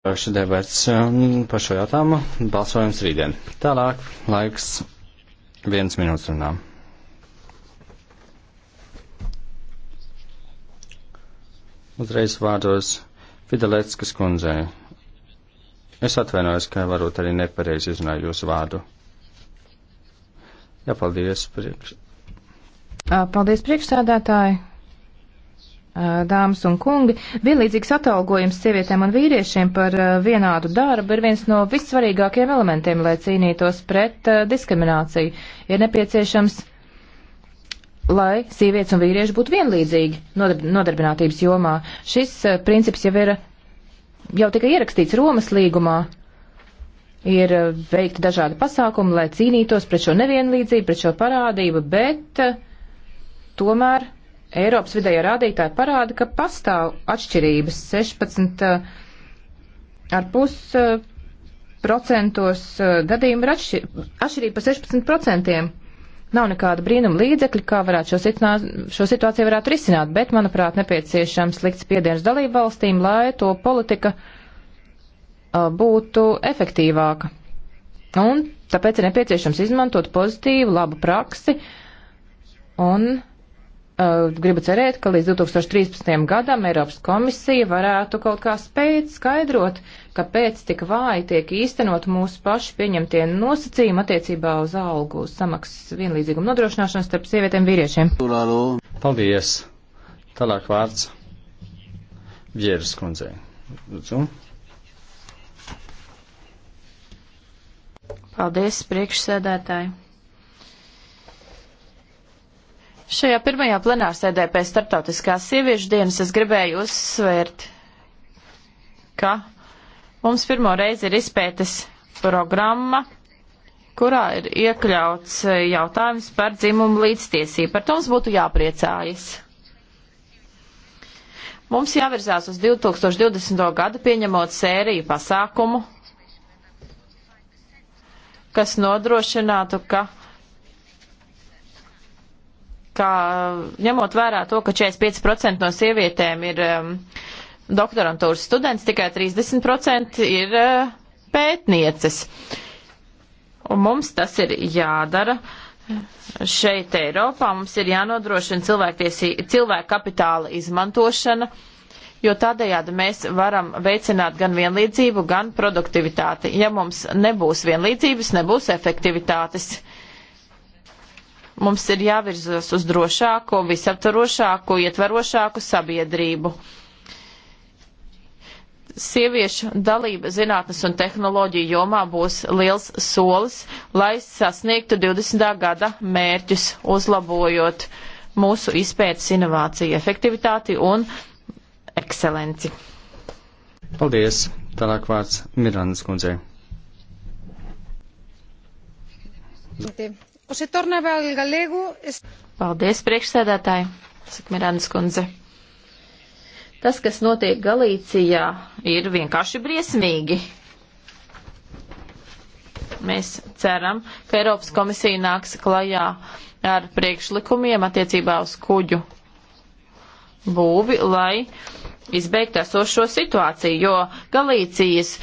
Šī debats um, par šo jautājumu balsojums rītdien. Tālāk laiks viens minūtes runām. Uzreiz vārdos Fidelēckas kundzei. Es atvainojos, ka varbūt arī nepareizi izrunāju jūsu vārdu. Jā, paldies, priekš. Paldies, priekšsēdētāji. Dāmas un kungi, vienlīdzīgs atalgojums sievietēm un vīriešiem par vienādu darbu ir viens no vissvarīgākajiem elementiem, lai cīnītos pret diskrimināciju. Ir nepieciešams, lai sievietes un vīrieši būtu vienlīdzīgi nodarbinātības jomā. Šis princips jau ir jau tika ierakstīts Romas līgumā. Ir veikti dažādi pasākumi, lai cīnītos pret šo nevienlīdzību, pret šo parādību, bet tomēr Eiropas vidējā rādītāja parāda, ka pastāv atšķirības 16 eh, ar pus eh, procentos eh, gadījumu ir atšķir, atšķirība pa 16 procentiem. Nav nekāda brīnuma līdzekļa, kā varētu šo, situā, šo situāciju varētu risināt, bet, manuprāt, nepieciešams slikts piediens dalību valstīm, lai to politika būtu efektīvāka. Un tāpēc ir nepieciešams izmantot pozitīvu, labu praksi un Eh, gribu cerēt, ka līdz 2013. gadam Eiropas komisija varētu kaut kā spēt skaidrot, kāpēc tik vāji tiek īstenot mūsu paši pieņemtie nosacījumi attiecībā uz algu uz samaksas vienlīdzīgumu nodrošināšanu starp sievietēm vīriešiem. Paldies! Tālāk vārds Vieras kundzei. Lūdzu. Paldies, priekšsēdētāji! Šajā pirmajā plenārsēdē pēc starptautiskās sieviešu dienas es gribēju uzsvērt, ka mums pirmo reizi ir izpētes programma, kurā ir iekļauts e, jautājums par dzimumu līdztiesību. Par to mums būtu jāpriecājas. Mums jāvirzās uz 2020. gadu pieņemot sēriju pasākumu, kas nodrošinātu, ka ka ņemot vērā to, ka 45% no sievietēm ir um, doktorantūras students, tikai 30% ir uh, pētnieces. Un mums tas ir jādara. Šeit Eiropā mums ir jānodrošina cilvēku kapitāla izmantošana, jo tādējādi mēs varam veicināt gan vienlīdzību, gan produktivitāti. Ja mums nebūs vienlīdzības, nebūs efektivitātes. Mums ir jāvirzās uz drošāku, visaptvarošāku, ietvarošāku sabiedrību. Sieviešu dalība zinātnes un tehnoloģiju jomā būs liels solis, lai sasniegtu 20. gada mērķus, uzlabojot mūsu izpētes inovāciju efektivitāti un ekscelenci. Paldies! Tālāk vārds Mirandas kundzei. Paldies. Paldies, priekšsēdētāji, saka Mirandas kundze. Tas, kas notiek Galīcijā, ir vienkārši briesmīgi. Mēs ceram, ka Eiropas komisija nāks klajā ar priekšlikumiem attiecībā uz kuģu būvi, lai izbeigtu esošo situāciju, jo Galīcijas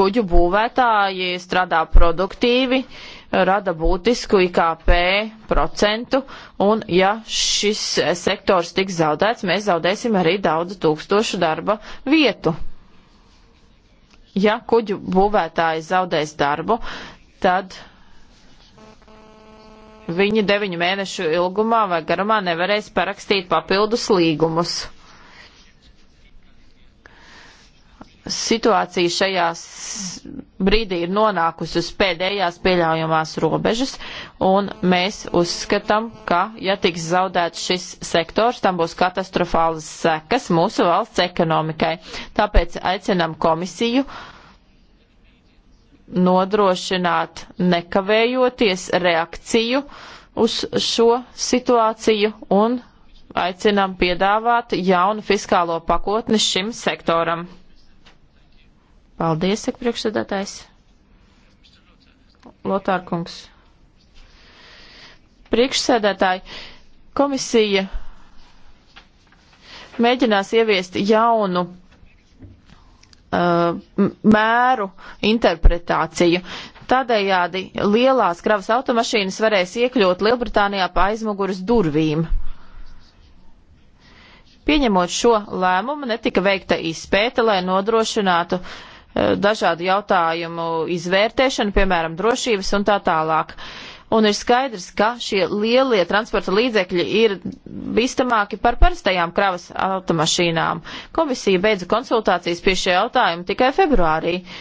kuģu būvētāji strādā produktīvi, uh, rada būtisku IKP procentu, un ja šis sektors tiks zaudēts, mēs zaudēsim arī daudz tūkstošu darba vietu. Ja kuģu būvētāji zaudēs darbu, tad viņi deviņu mēnešu ilgumā vai garumā nevarēs parakstīt papildus līgumus. situācija šajās brīdī ir nonākusi uz pēdējās pieļaujamās robežas, un mēs uzskatām, ka, ja tiks zaudēts šis sektors, tam būs katastrofālas sekas mūsu valsts ekonomikai. Tāpēc aicinam komisiju nodrošināt nekavējoties reakciju uz šo situāciju un aicinam piedāvāt jaunu fiskālo pakotni šim sektoram. Paldies, saka priekšsēdētājs. Lotārkungs. Priekšsēdētāji, komisija mēģinās ieviest jaunu uh, mēru interpretāciju. Tādējādi lielās kravas automašīnas varēs iekļūt Lielbritānijā pa aizmugures durvīm. Pieņemot šo lēmumu, netika veikta izpēta, lai nodrošinātu uh, Eh, dažādu jautājumu izvērtēšanu, piemēram, drošības un tā tālāk. Un ir skaidrs, ka šie lielie transporta līdzekļi ir bīstamāki par parastajām kravas automašīnām. Komisija beidza konsultācijas pie šī jautājuma tikai februārī. Uh,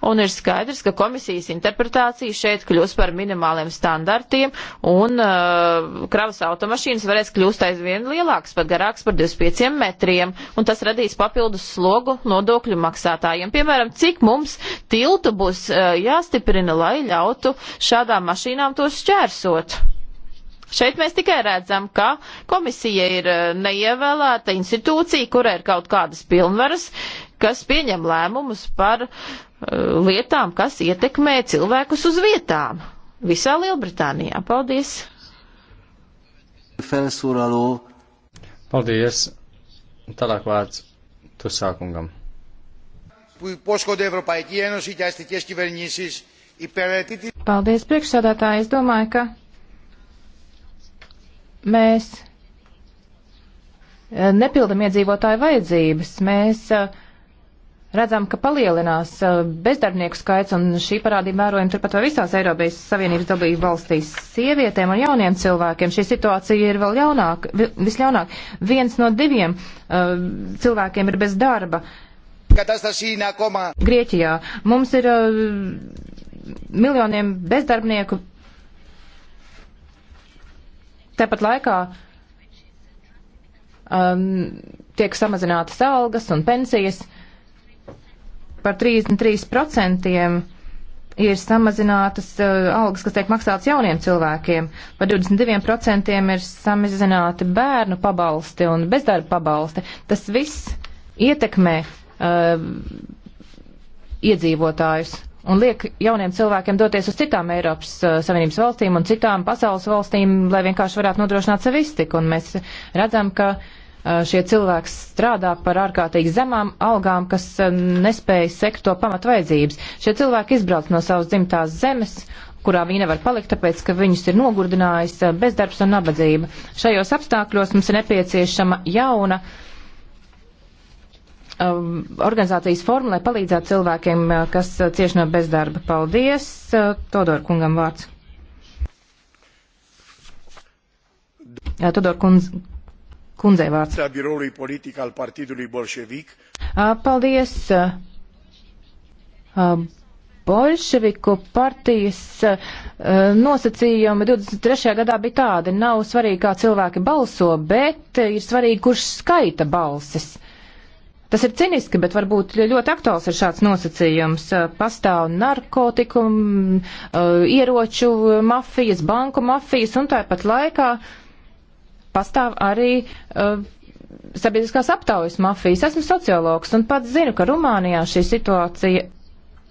Un ir skaidrs, ka komisijas interpretācija šeit kļūs par minimāliem standartiem, un uh, kravas automašīnas varēs kļūst aizvien lielākas, pat garākas par 25 metriem, un tas radīs papildus slogu nodokļu maksātājiem. Piemēram, cik mums tiltu būs uh, jāstiprina, lai ļautu šādām mašīnām tos šķērsot? Šeit mēs tikai redzam, ka komisija ir uh, neievēlēta institūcija, kurai ir kaut kādas pilnvaras, kas pieņem lēmumus par uh, lietām, kas ietekmē cilvēkus uz vietām visā Lielbritānijā. Paldies! Felszólaló. Paldies! Tālāk vārds Tusākungam. Paldies, priekšsādātāji. Es domāju, ka mēs eh, nepildam iedzīvotāju vajadzības. Mēs uh, redzam, ka palielinās uh, bezdarbnieku skaits, un šī parādība vērojama turpat vai visās Eiropas Savienības dalību valstīs. Sievietēm un jauniem cilvēkiem šī situācija ir vēl jaunāk, visļaunāk. Viens no diviem uh, cilvēkiem ir bez darba. Grieķijā mums ir uh, miljoniem bezdarbnieku. Tāpat laikā um, tiek samazinātas algas un pensijas. Uh, par 33% ir samazinātas uh, algas, kas tiek maksātas jauniem cilvēkiem. Par 22% ir samazināti bērnu pabalsti un bezdarba pabalsti. Tas viss ietekmē uh, iedzīvotājus un liek jauniem cilvēkiem doties uz citām Eiropas uh, Savienības valstīm un citām pasaules valstīm, lai vienkārši varētu nodrošināt savu iztiku. Un mēs redzam, ka uh, Eh, šie cilvēki strādā par ārkārtīgi zemām algām, kas eh, nespēja sekt to pamat vajadzības. Šie cilvēki izbrauc no savas dzimtās zemes kurā viņi nevar palikt, tāpēc, ka viņus ir nogurdinājis eh, bezdarbs un nabadzība. Šajos apstākļos mums ir nepieciešama jauna um, organizācijas forma, lai palīdzētu cilvēkiem, kas cieši no bezdarba. Paldies, Todor kungam vārds. Jā, Todor kundz, Kundzei vārds. Biroului politic al partidului bolșevic. Paldies. Bolševiku partijas nosacījumi 23. gadā bija tādi, nav svarīgi, kā cilvēki balso, bet ir svarīgi, kurš skaita balsis. Tas ir ciniski, bet varbūt ļoti aktuāls ir šāds nosacījums. Pastāv narkotiku, ieroču mafijas, banku mafijas un tāpat laikā uh, pastāv arī uh, sabiedriskās aptaujas mafijas. Esmu sociologs un pats zinu, ka Rumānijā šī situācija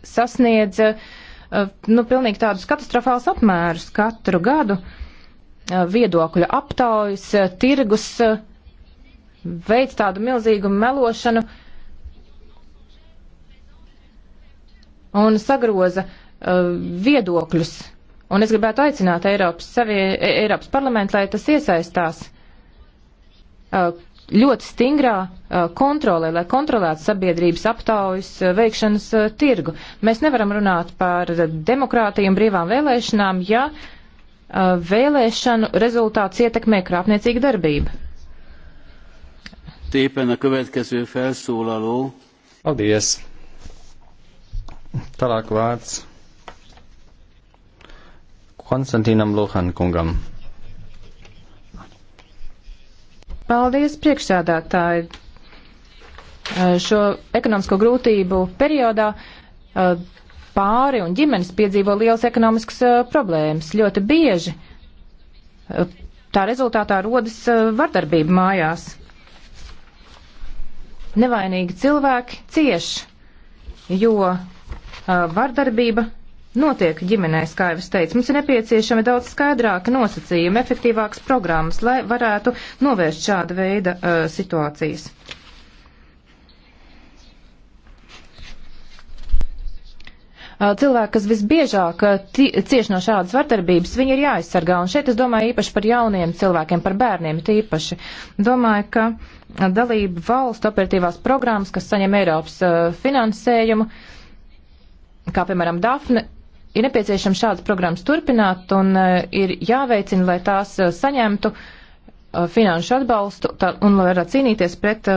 sasniedz uh, nu, pilnīgi tādus katastrofālus apmērus katru gadu. Uh, viedokļu aptaujas, uh, tirgus uh, veids tādu milzīgu melošanu un sagroza uh, viedokļus Un es gribētu aicināt Eiropas, savie, e-, Eiropas parlamentu, lai tas iesaistās ļoti stingrā kontrolē, lai kontrolētu sabiedrības aptaujas veikšanas tirgu. Mēs nevaram runāt par demokrātiju un brīvām vēlēšanām, ja vēlēšanu rezultāts ietekmē krāpniecīgu darbību. Tēpen, Paldies! Tālāk vārds Konstantīnam Luhan kungam. Paldies, priekšsēdētāji. Šo ekonomisko grūtību periodā pāri un ģimenes piedzīvo liels ekonomiskas problēmas. Ļoti bieži tā rezultātā rodas vardarbība mājās. Nevainīgi cilvēki cieš, jo vardarbība notiek ģimenēs, kā jau es teicu. Mums ir nepieciešami daudz skaidrāki nosacījumi, efektīvāks programmas, lai varētu novērst šāda veida uh, situācijas. Uh, cilvēki, kas visbiežāk uh, cieš no šādas vardarbības, viņi ir jāaizsargā. Un šeit es domāju īpaši par jauniem cilvēkiem, par bērniem tīpaši. Domāju, ka uh, dalība valstu operatīvās programmas, kas saņem Eiropas uh, finansējumu, kā piemēram Dafne, Ir nepieciešams šādas programmas turpināt un e, ir jāveicina, lai tās e, saņemtu e, finanšu atbalstu tā, un lai varētu cīnīties pret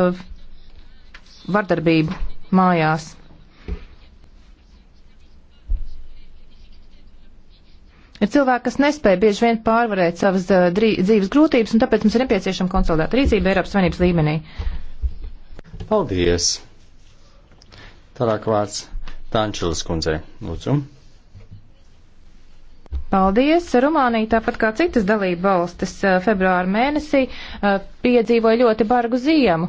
vardarbību mājās. Ir cilvēki, kas nespēja bieži vien pārvarēt savas drī, dzīves grūtības, un tāpēc mums ir nepieciešama konsolidēta rīcība Eiropas Savienības līmenī. Paldies! Tālāk vārds Tančelas kundzei. Lūdzu. Paldies! Rumānija, tāpat kā citas dalība valstis, februāra mēnesī piedzīvoja ļoti bargu ziemu.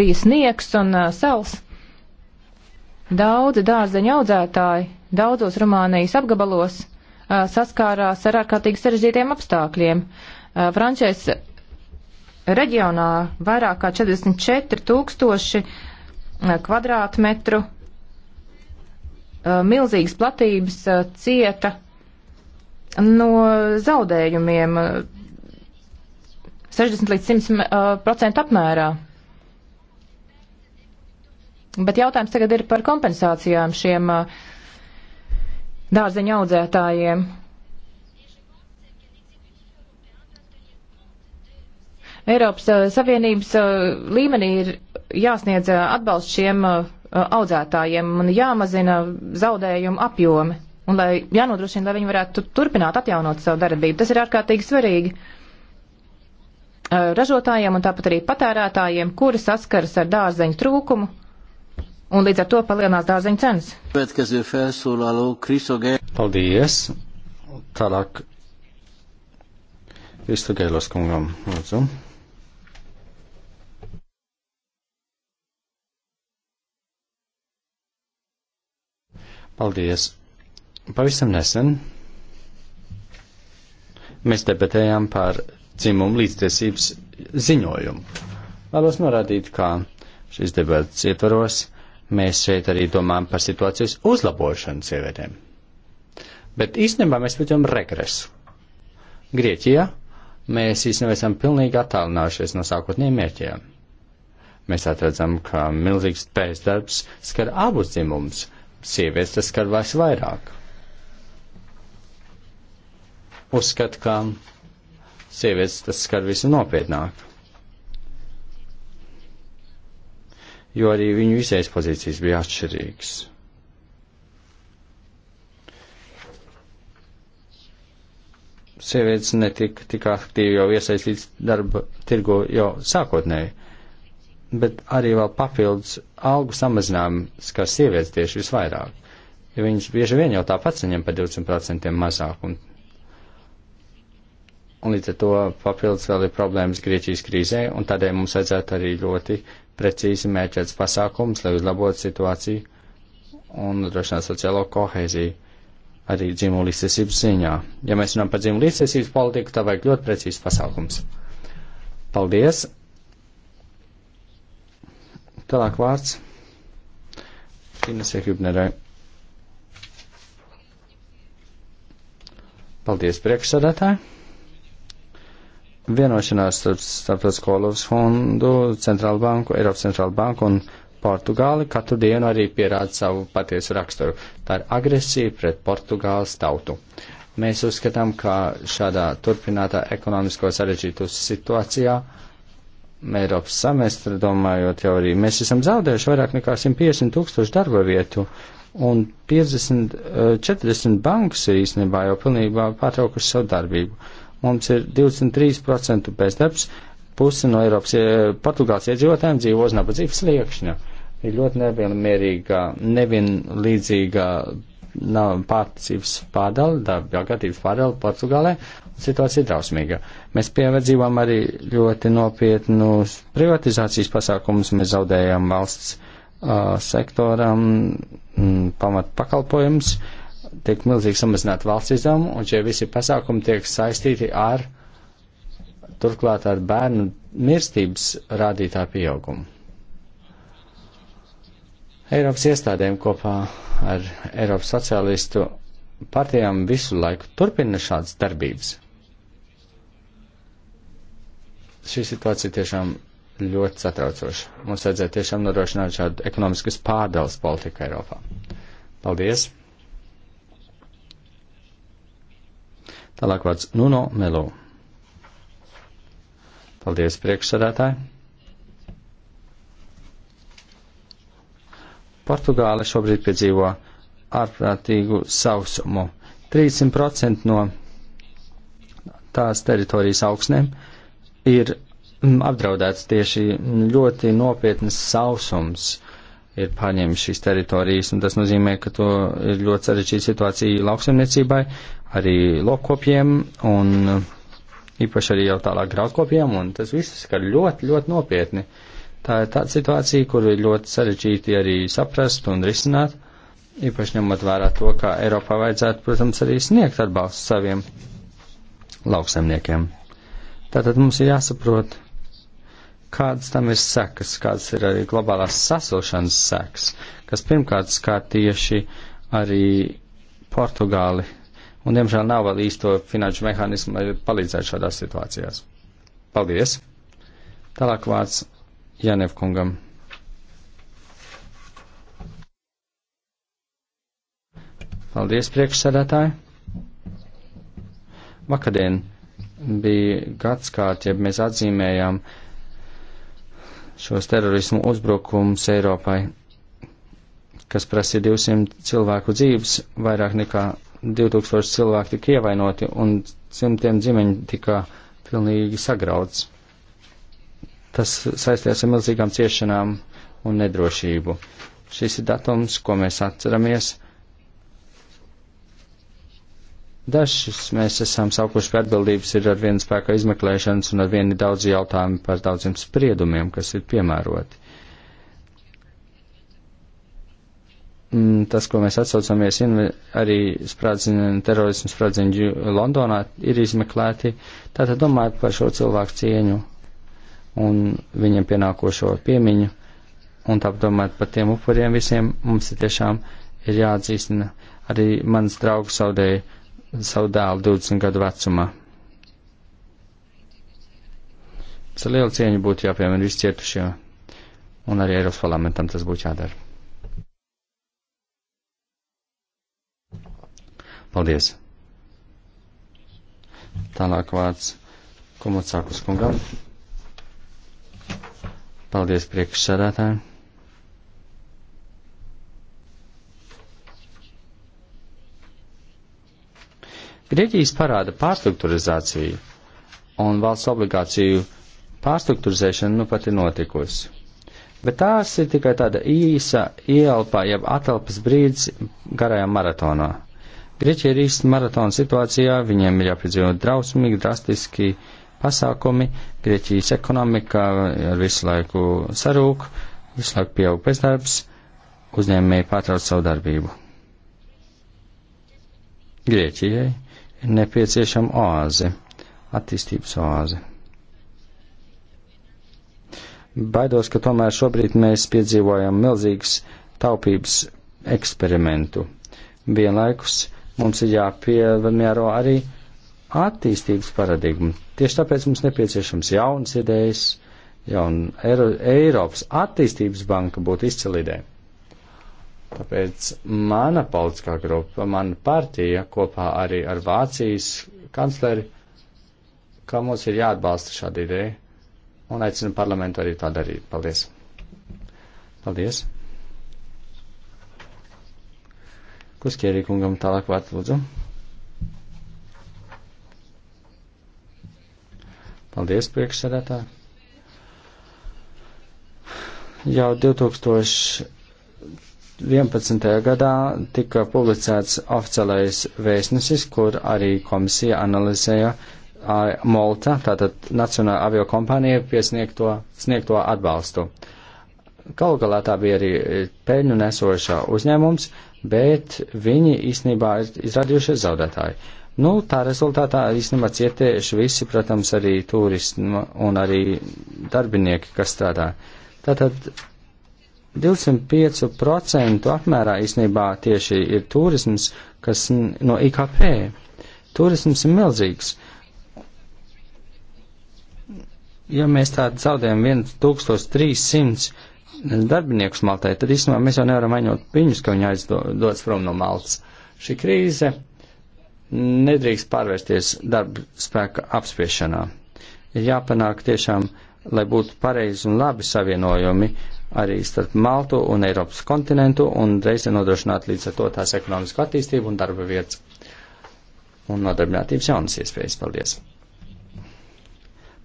Bija sniegs un sals. Daudzi dārzeņu audzētāji daudzos Rumānijas apgabalos saskārās ar ārkārtīgi sarežģītiem apstākļiem. Frančēs reģionā vairāk kā 44 tūkstoši kvadrātmetru Uh, milzīgas platības uh, cieta no zaudējumiem 60 uh, līdz 100 procentu apmērā. Bet jautājums tagad ir par kompensācijām šiem dārzeņu audzētājiem. Eiropas Savienības līmenī ir jāsniedz atbalsts šiem uh, Uh, audzētājiem un jāmazina zaudējumu apjomi un lai jānodrošina, lai viņi varētu turpināt atjaunot savu darbību. Tas ir ārkārtīgi svarīgi uh, ražotājiem un tāpat arī patērētājiem, kuri saskaras ar dārzeņu trūkumu un līdz ar to palielinās dārzeņu cenas. Paldies! Tālāk Kristogēlos kungam, lūdzu. Paldies! Pavisam nesen mēs debatējām par dzimumu līdztiesības ziņojumu. Vēlos norādīt, ka šis debats ietvaros mēs šeit arī domājam par situācijas uzlabošanu sievietēm. Bet īstenībā mēs redzam regresu. Grieķijā mēs īstenībā esam pilnīgi attālinājušies no sākotnējiem mērķiem. Mēs atredzam, ka milzīgs pēcdarbs skar abus dzimumus sievietes tas skar vairs vairāk. Uzskat, ka sievietes tas skar visu nopietnāk. jo arī viņu izējas pozīcijas bija atšķirīgas. Sievietes netika tik aktīvi jau iesaistīts darba tirgu jau sākotnēji, bet arī vēl papildus algu samazinājumi skar sievietes tieši visvairāk, jo viņas bieži vien jau tāpat saņem par 20% mazāk. Un, un līdz ar to papildus vēl ir problēmas Grieķijas krīzē, un tādēļ mums vajadzētu arī ļoti precīzi mērķēts pasākums, lai uzlabotu situāciju un nodrošinātu sociālo kohēziju arī dzimumu līdzsvarības ziņā. Ja mēs runājam par dzimumu līdzsvarības politiku, tā vajag ļoti precīzi pasākums. Paldies! Tālāk vārds Inesē Hübnerai. Paldies priekšsādātāji. Vienošanās starp Starptautisko Olovas fondu, Centrālu banku, Eiropas Centrālu banku un Portugāli katru dienu arī pierāda savu patiesu raksturu. Tā ir agresija pret Portugāles tautu. Mēs uzskatām, ka šādā turpinātā ekonomisko sarežģītu situācijā uh, Eiropas semestra domājot jau arī, mēs esam zaudējuši vairāk nekā 150 tūkstoši darba vietu, un 50, 40 eh, bankas ir īstenībā jau pilnībā pārtraukuši savu darbību. Mums ir 23% bezdarbs, pusi no Eiropas eh, Portugāles iedzīvotājiem dzīvo uz nabadzības sliekšņa. Ir ļoti nevienmierīga, nevienlīdzīga nav pārticības pārdala, darbjāgatības pārdala Portugālē, un situācija ir drausmīga. Mēs pievedzījām arī ļoti nopietnus privatizācijas pasākumus, mēs zaudējām valsts uh, sektoram mm, pamat pakalpojums, tiek milzīgi samazināt valsts izdevumu, un šie visi pasākumi tiek saistīti ar, turklāt ar bērnu mirstības rādītā pieaugumu. Eiropas iestādēm kopā ar Eiropas sociālistu partijām visu laiku turpina šādas darbības. Šī situācija tiešām ļoti satraucoša. Mums vajadzētu tiešām nodrošināt šādu ekonomiskas pārdales politiku Eiropā. Paldies! Tālāk vārds Nuno Melu. Paldies priekšsādātāji! Portugāla šobrīd piedzīvo ārprātīgu sausumu. 300% no tās teritorijas augsnēm ir mm, apdraudēts tieši ļoti nopietnas sausums ir pārņēmis šīs teritorijas, un tas nozīmē, ka to ir ļoti sarežģīta situācija lauksaimniecībai, arī lokkopiem un īpaši arī jau tālāk graudkopiem, un tas viss skar ļoti, ļoti nopietni. Uh, Tā ir tāda situācija, kur ir ļoti sarežģīti arī saprast un risināt, īpaši ņemot vērā to, kā Eiropā vajadzētu, protams, arī sniegt atbalstu saviem lauksemniekiem. Tātad mums ir jāsaprot, kādas tam ir sekas, kādas ir arī globālās sasilšanas sekas, kas pirmkārt skar tieši arī Portugāli. Un, diemžēl, nav vēl īsto finanšu mehānismu, lai palīdzētu šādās situācijās. Paldies! Tālāk vārds Janev kungam. Paldies, priekšsēdētāji. Vakardien bija gads kārt, ja mēs atzīmējām šos terorismu uzbrukums Eiropai, kas prasīja 200 cilvēku dzīves, vairāk nekā 2000 cilvēki tika ievainoti un simtiem ģimeņu tika pilnīgi sagrauts. Tas saistījās ar milzīgām ciešanām un nedrošību. Šis ir datums, ko mēs atceramies. Dažus mēs esam saukuši pie atbildības ir ar vienu spēku izmeklēšanas un ar vienu daudz jautājumu par daudziem spriedumiem, kas ir piemēroti. Mm, tas, ko mēs atsaucamies arī sprādzienu, terorismu sprādzienu Londonā, ir izmeklēti. Tātad domājot par šo cilvēku cieņu un viņiem pienākošo piemiņu, un tāpat domāt par tiem upuriem visiem, mums ir tiešām ir jāatzīstina. Arī mans draugs zaudēja savu dēlu 20 gadu vecumā. Ar lielu cieņu būtu jāpiemina viscietušie, un arī Eiropas parlamentam tas būtu jādara. Paldies! Tālāk vārds Komutsākus kungam. Paldies priekšsēdētājiem! Grieķijas parāda pārstruktūrizācija un valsts obligāciju pārstruktūrizēšana nu pat ir notikusi. Bet tās ir tikai tāda īsa ielpa, jeb atelpas brīdis garajā maratonā. Grieķija ir īsta maratona situācijā, viņiem ir jāpiedzīvo drausmīgi, drastiski uh, pasākumi, Grieķijas ekonomika ar visu laiku sarūk, visu laiku pieaug bezdarbs, uzņēmēji pārtrauc savu darbību. Grieķijai ir nepieciešama oāze, attīstības oāze. Baidos, ka tomēr šobrīd mēs piedzīvojam milzīgas taupības eksperimentu. Vienlaikus mums ir jāpiemēro arī attīstības paradigma. Tieši tāpēc mums nepieciešams jauns idejas, jauna Eiro, Eiropas attīstības banka būtu izcila ideja. Tāpēc mana politiskā grupa, mana partija kopā arī ar Vācijas kancleri, ka mums ir jāatbalsta šāda ideja un aicinu parlamentu arī tā darīt. Paldies! Paldies! Kuskierī kungam tālāk vārds lūdzu. Paldies, priekšsēdētāji. Jau 2011. gadā tika publicēts oficiālais vēstnesis, kur arī komisija analizēja Molta, tātad Nacionāla aviokompānija, piesniegto sniegto atbalstu. Galu galā tā bija arī peļņu nesošā uzņēmums, bet viņi īstenībā ir izrādījušies zaudētāji. Nu, tā rezultātā īstenībā cietējuši visi, protams, arī turisti nu, un arī darbinieki, kas strādā. Tātad 205% apmērā īstenībā tieši ir turisms, kas no IKP. Turisms ir milzīgs. Ja mēs tādu zaudējam 1300 darbiniekus Maltē, tad īstenībā mēs jau nevaram vainot viņus, ka viņi aizdodas prom no Maltas. Šī krīze nedrīkst pārvērsties darba spēka apspiešanā. Ir jāpanāk tiešām, lai būtu pareizi un labi savienojumi arī starp Maltu un Eiropas kontinentu un reizē nodrošināt līdz ar to tās ekonomisku attīstību un darba vietas un nodarbinātības jaunas iespējas. Paldies!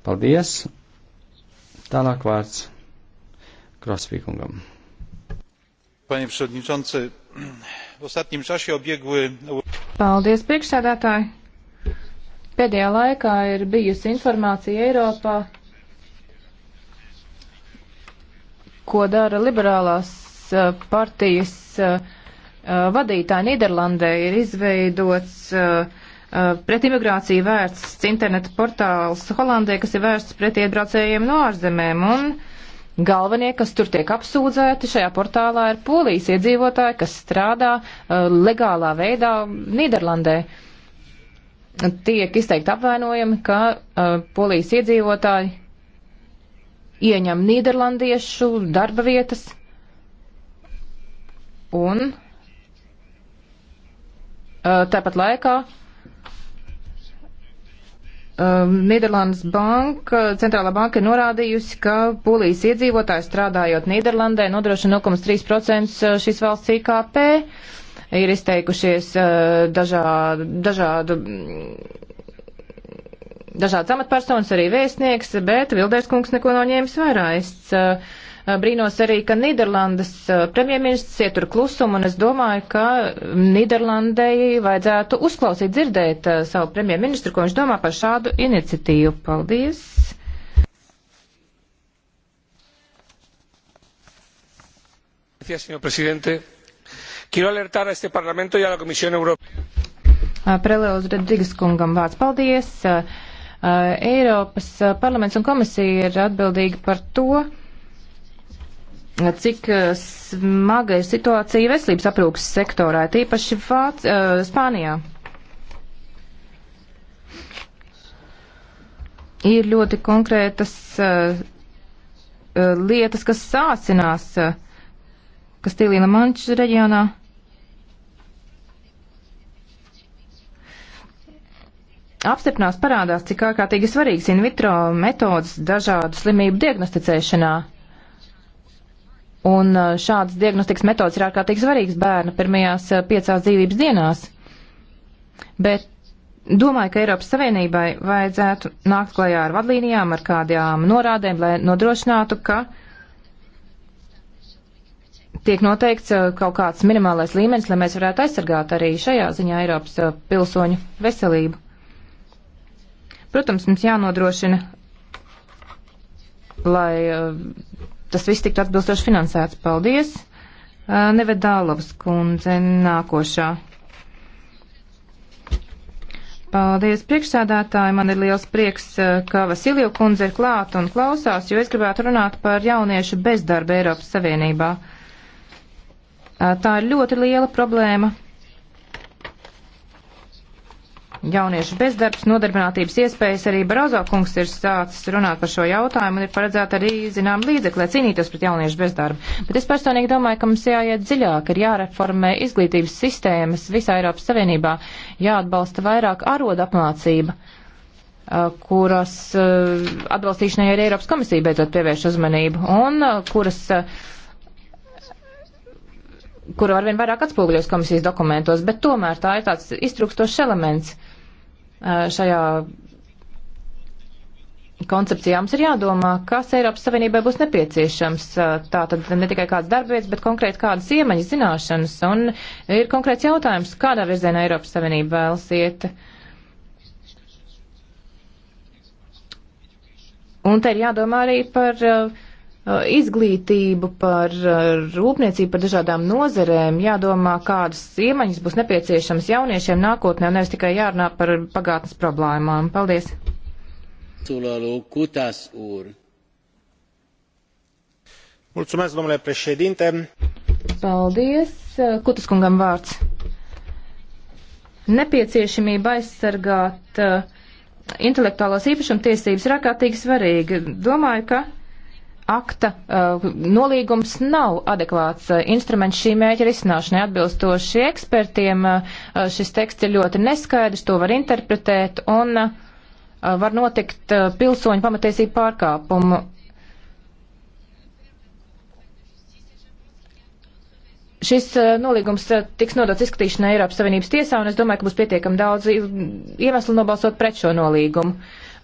Paldies! Tālāk vārds Krosvīkungam. Panie przewodniczący, w ostatnim czasie obiegły Paldies, priekšsēdētāji! Pēdējā laikā ir bijusi informācija Eiropā, ko dara liberālās partijas vadītāji Nīderlandē. Ir izveidots pret imigrāciju vērsts interneta portāls Holandē, kas ir vērsts pret iebraucējiem no ārzemēm. Un, uh, Galvenie, kas tur tiek apsūdzēti šajā portālā, ir polijas iedzīvotāji, kas strādā uh, legālā veidā Nīderlandē. Tiek izteikti apvainojumi, ka uh, polijas iedzīvotāji ieņem nīderlandiešu darba vietas un uh, tāpat laikā uh, Um, Nīderlandes banka, centrālā banka ir norādījusi, ka polijas iedzīvotāji strādājot Nīderlandē nodrošina 0,3% uh, šīs valsts IKP, ir izteikušies uh, dažādu, dažādu dažādas amatpersonas, arī vēstnieks, bet Vildērs kungs neko nav ņēmis vērā. Es uh, brīnos arī, ka Nīderlandes uh, premjerministrs ietur klusumu, un es domāju, ka Nīderlandei vajadzētu uzklausīt, dzirdēt uh, savu premjerministru, ko viņš domā par šādu iniciatīvu. Paldies! Gracias, señor presidente. Quiero alertar a este Parlamento y a la Comisión Europea. Uh, Prelēlis Rodrigas kungam vārds paldies. Uh, Eh, Eiropas eh, parlaments un komisija ir atbildīgi par to, eh, cik smaga ir situācija veselības aprūpas sektorā, tīpaši Vāc, Spānijā. Ir ļoti konkrētas lietas, kas sācinās Kastīlīna Manča reģionā. apstiprinās parādās, cik ārkārtīgi svarīgs in vitro metodas dažādu slimību diagnosticēšanā. Un uh, šādas diagnostikas metodas ir ārkārtīgi svarīgas bērna pirmajās uh, piecās dzīvības dienās. Bet domāju, ka Eiropas Savienībai vajadzētu nākt klajā ar vadlīnijām, ar kādām norādēm, lai nodrošinātu, ka tiek noteikts uh, kaut kāds minimālais līmenis, lai mēs varētu aizsargāt arī šajā ziņā Eiropas pilsoņu veselību. Protams, mums jānodrošina, lai eh, tas viss tiktu atbilstoši finansēts. Paldies! Eh, Nevedālavas kundze nākošā. Paldies priekšsādātāji, man ir liels prieks, eh, ka Vasilija kundze ir klāt un klausās, jo es gribētu runāt par jauniešu bezdarbu Eiropas Savienībā. Tā ir ļoti liela problēma, jauniešu bezdarbs, nodarbinātības iespējas. Arī Barozo kungs ir sācis runāt par šo jautājumu un ir paredzēta arī, zinām, līdzekļi, lai cīnītos pret jauniešu bezdarbu. Bet es personīgi domāju, ka mums jāiet dziļāk, ir jāreformē izglītības sistēmas visā Eiropas Savienībā, jāatbalsta vairāk arodu apmācība kuras atbalstīšanai arī Eiropas komisija beidzot pievērš uzmanību un kuras uh, kuru arvien vairāk atspūgļos komisijas dokumentos, bet tomēr tā ir tāds iztrukstošs elements šajā koncepcijā. Mums ir jādomā, kas Eiropas Savienībai būs nepieciešams. Tā tad ne tikai kāds darbvietas, bet konkrēti kādas iemaņas zināšanas. Un ir konkrēts jautājums, kādā virzienā Eiropas Savienība vēlas iet. Un te ir jādomā arī par uh, Uh, izglītību, par uh, rūpniecību, par dažādām nozerēm, jādomā, kādas iemaņas būs nepieciešamas jauniešiem nākotnē, nevis tikai jārunā par pagātnes problēmām. Paldies! Mulțumesc, domnule președinte. Paldies. Uh, Kutaskungam vārds. Nepieciešamība aizsargāt uh, intelektuālās īpašuma tiesības ir ārkārtīgi svarīga. Domāju, ka akta uh, nolīgums nav adekvāts uh, instruments šī mēķa risināšanai atbilstoši ekspertiem. Uh, uh, šis teksts ir ļoti neskaidrs, to var interpretēt un uh, var notikt uh, pilsoņu pamatiesību pārkāpumu. Šis uh, nolīgums uh, tiks nodots izskatīšanai Eiropas Savienības tiesā, un es domāju, ka būs pietiekami daudz iemeslu nobalsot pret šo nolīgumu.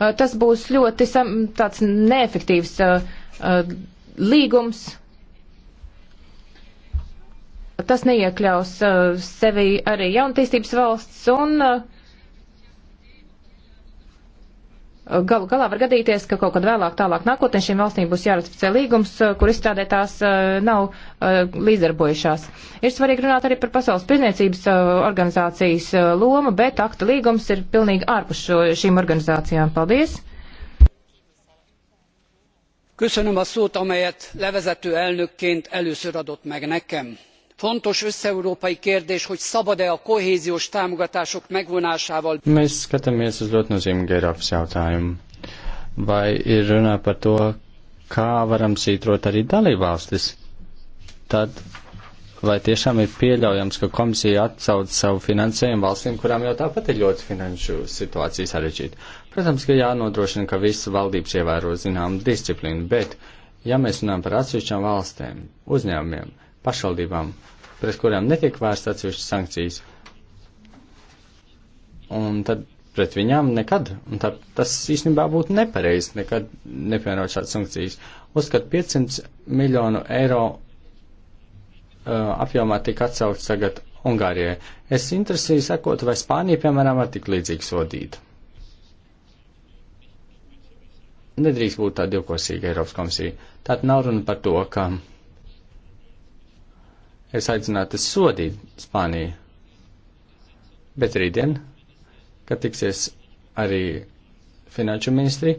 Uh, tas būs ļoti sam, tāds neefektīvs uh, uh, līgums. Tas neiekļaus uh, sevi arī jaunatīstības valsts un uh, Galu galā var gadīties, ka kaut kad vēlāk, tālāk nākotnē šīm valstīm būs jāratificē līgums, uh, kur izstrādē tās uh, nav uh, līdzdarbojušās. Ir svarīgi runāt arī par Pasaules tirdzniecības organizācijas lomu, bet akta līgums ir pilnīgi ārpus šo, šīm organizācijām. Paldies! köszönöm a szót amelyet levezető elnökként először adott meg nekem. fontos összeurópai kérdés hogy szabad e a kohéziós támogatások megvonásával. mēs skatāmies uz ļoti nozīmīgu eiropas jautājumu. vai ir runā par to, kā varam sītrot arī dalībvalstis? tad vai tiešām ir pieļaujams, ka komisija atsauc savu finansējumu valstīm, kurām jau tāpat ir ļoti finanšu situācija sarežģīta? Protams, ka jānodrošina, ka visas valdības ievēro zinām disciplīnu, bet, ja mēs runājam par atsevišķām valstēm, uzņēmumiem, pašvaldībām, pret kurām netiek vērsts atsevišķas sankcijas, un tad pret viņām nekad, un tā, tas īstenībā būtu nepareizi, nekad nepienot šādas sankcijas. Uzskat 500 miljonu eiro uh, apjomā tika atsaukts tagad Ungārijai. Es interesēju sekot, vai Spānija, piemēram, var tik līdzīgi sodīt nedrīkst būt tāda divkosīga Eiropas komisija. Tātad nav runa par to, ka es aicinātu sodīt Spāniju, bet rītdien, kad tiksies arī finanšu ministri,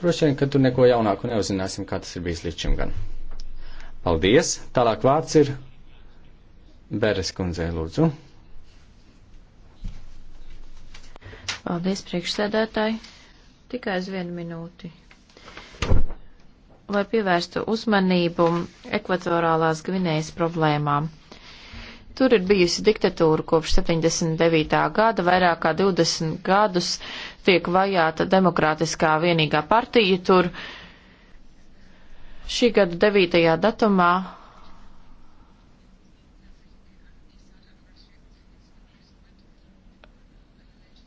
droši vien, ka tur neko jaunāku neuzzināsim, kā tas ir bijis līdz šim gan. Paldies! Tālāk vārds ir Beres kundzei lūdzu. Paldies, priekšsēdētāji! Tikai uz vienu minūti lai pievērstu uzmanību ekvatorālās Gvinējas problēmām. Tur ir bijusi diktatūra kopš 79. gada, vairāk kā 20 gadus tiek vajāta demokrātiskā vienīgā partija tur. Šī gada 9. datumā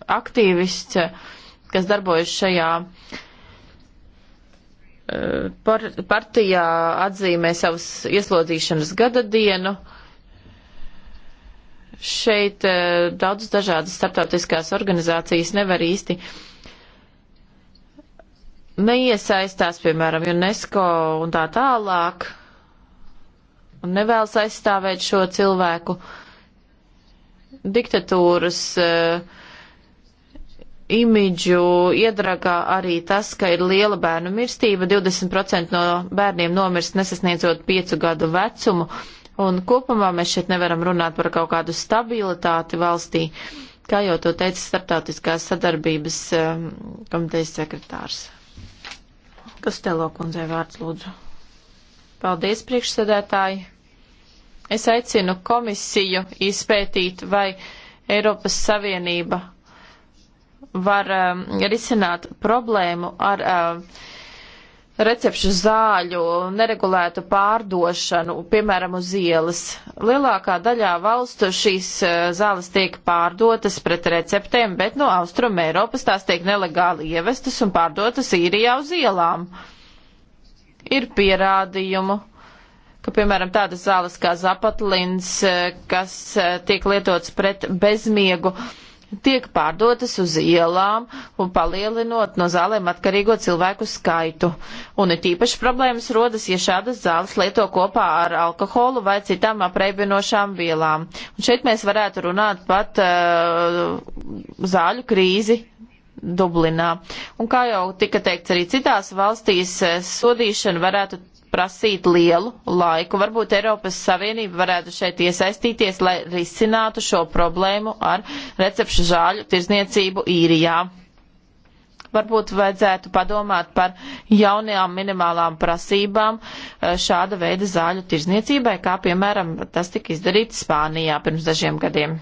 aktīvists, kas darbojas šajā uh, par, partijā atzīmē savas ieslodzīšanas gada dienu. Šeit eh, daudz dažādas starptautiskās organizācijas nevar īsti neiesaistās, piemēram, UNESCO un tā tālāk, un nevēlas aizstāvēt šo cilvēku diktatūras uh, imidžu iedragā arī tas, ka ir liela bērnu mirstība, 20% no bērniem nomirst nesasniedzot 5 gadu vecumu, un kopumā mēs šeit nevaram runāt par kaut kādu stabilitāti valstī, kā jau to teica starptautiskās sadarbības um, komitejas sekretārs. Kas telo kundzei vārds lūdzu? Paldies, priekšsēdētāji. Es aicinu komisiju izpētīt, vai Eiropas Savienība var um, risināt problēmu ar um, recepšu zāļu neregulētu pārdošanu, piemēram, uz ielas. Lielākā daļā valstu šīs uh, zāles tiek pārdotas pret receptēm, bet no Austrum Eiropas tās tiek nelegāli ievestas un pārdotas īrijā uz ielām. Ir pierādījumu, ka, piemēram, tādas zāles kā zapatlins, uh, kas uh, tiek lietots pret bezmiegu, uh, tiek pārdotas uz ielām un palielinot no zālēm atkarīgo cilvēku skaitu. Un ir tīpaši problēmas rodas, ja šādas zāles lieto kopā ar alkoholu vai citām apreibinošām vielām. Un šeit mēs varētu runāt pat uh, zāļu krīzi. Dublinā. Un kā jau tika teikts arī citās valstīs, eh, sodīšana varētu prasīt lielu laiku. Varbūt Eiropas Savienība varētu šeit iesaistīties, lai risinātu šo problēmu ar recepšu zāļu tirzniecību īrijā. Varbūt vajadzētu padomāt par jaunajām minimālām prasībām eh, šāda veida zāļu tirzniecībai, kā piemēram tas tika izdarīts Spānijā pirms dažiem gadiem.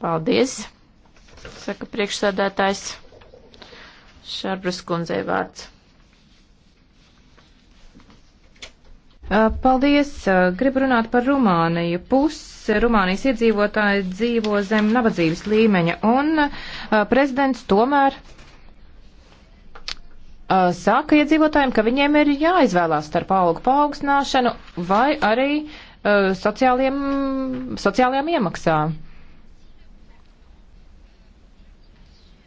Paldies, saka priekšsēdētājs. Šarbras kundzei vārds. Uh, paldies! Uh, Gribu runāt par Rumāniju. Puse Rumānijas iedzīvotāji dzīvo zem nabadzības līmeņa, un uh, prezidents tomēr saka iedzīvotājiem, ka viņiem ir jāizvēlās starp augu paaugstināšanu vai arī sociāliem, sociālajām iemaksām.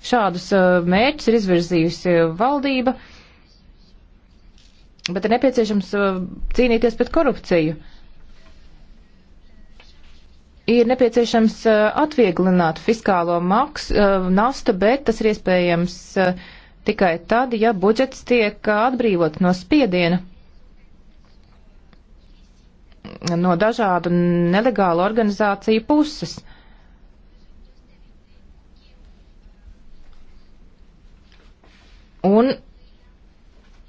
Šādus mērķus ir izvirzījusi valdība. Uh, bet ir nepieciešams uh, cīnīties pret korupciju. Ir nepieciešams uh, atvieglināt fiskālo maksu, uh, nastu, bet tas ir iespējams tikai tad, ja budžets tiek atbrīvots no spiediena no dažādu nelegālu organizāciju puses. Un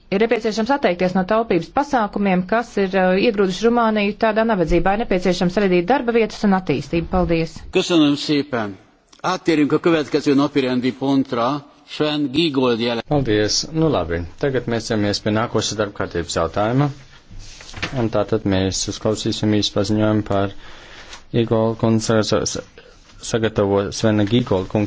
Ir nepieciešams atteikties no taupības pasākumiem, kas ir uh, iegrūduši Rumāniju tādā nabadzībā. Ir nepieciešams radīt darba vietas un attīstību. Paldies! Köszönöm szépen! Áttérünk a következő napirendi pontra. Sven Gīgold jelen. Paldies! Nu labi, tagad mēs ķeramies pie nākošā darba kārtības jautājuma. Un tātad mēs uzklausīsim īsu paziņojumu par Igolda kundzes sagatavo Svena Gīgolda kungs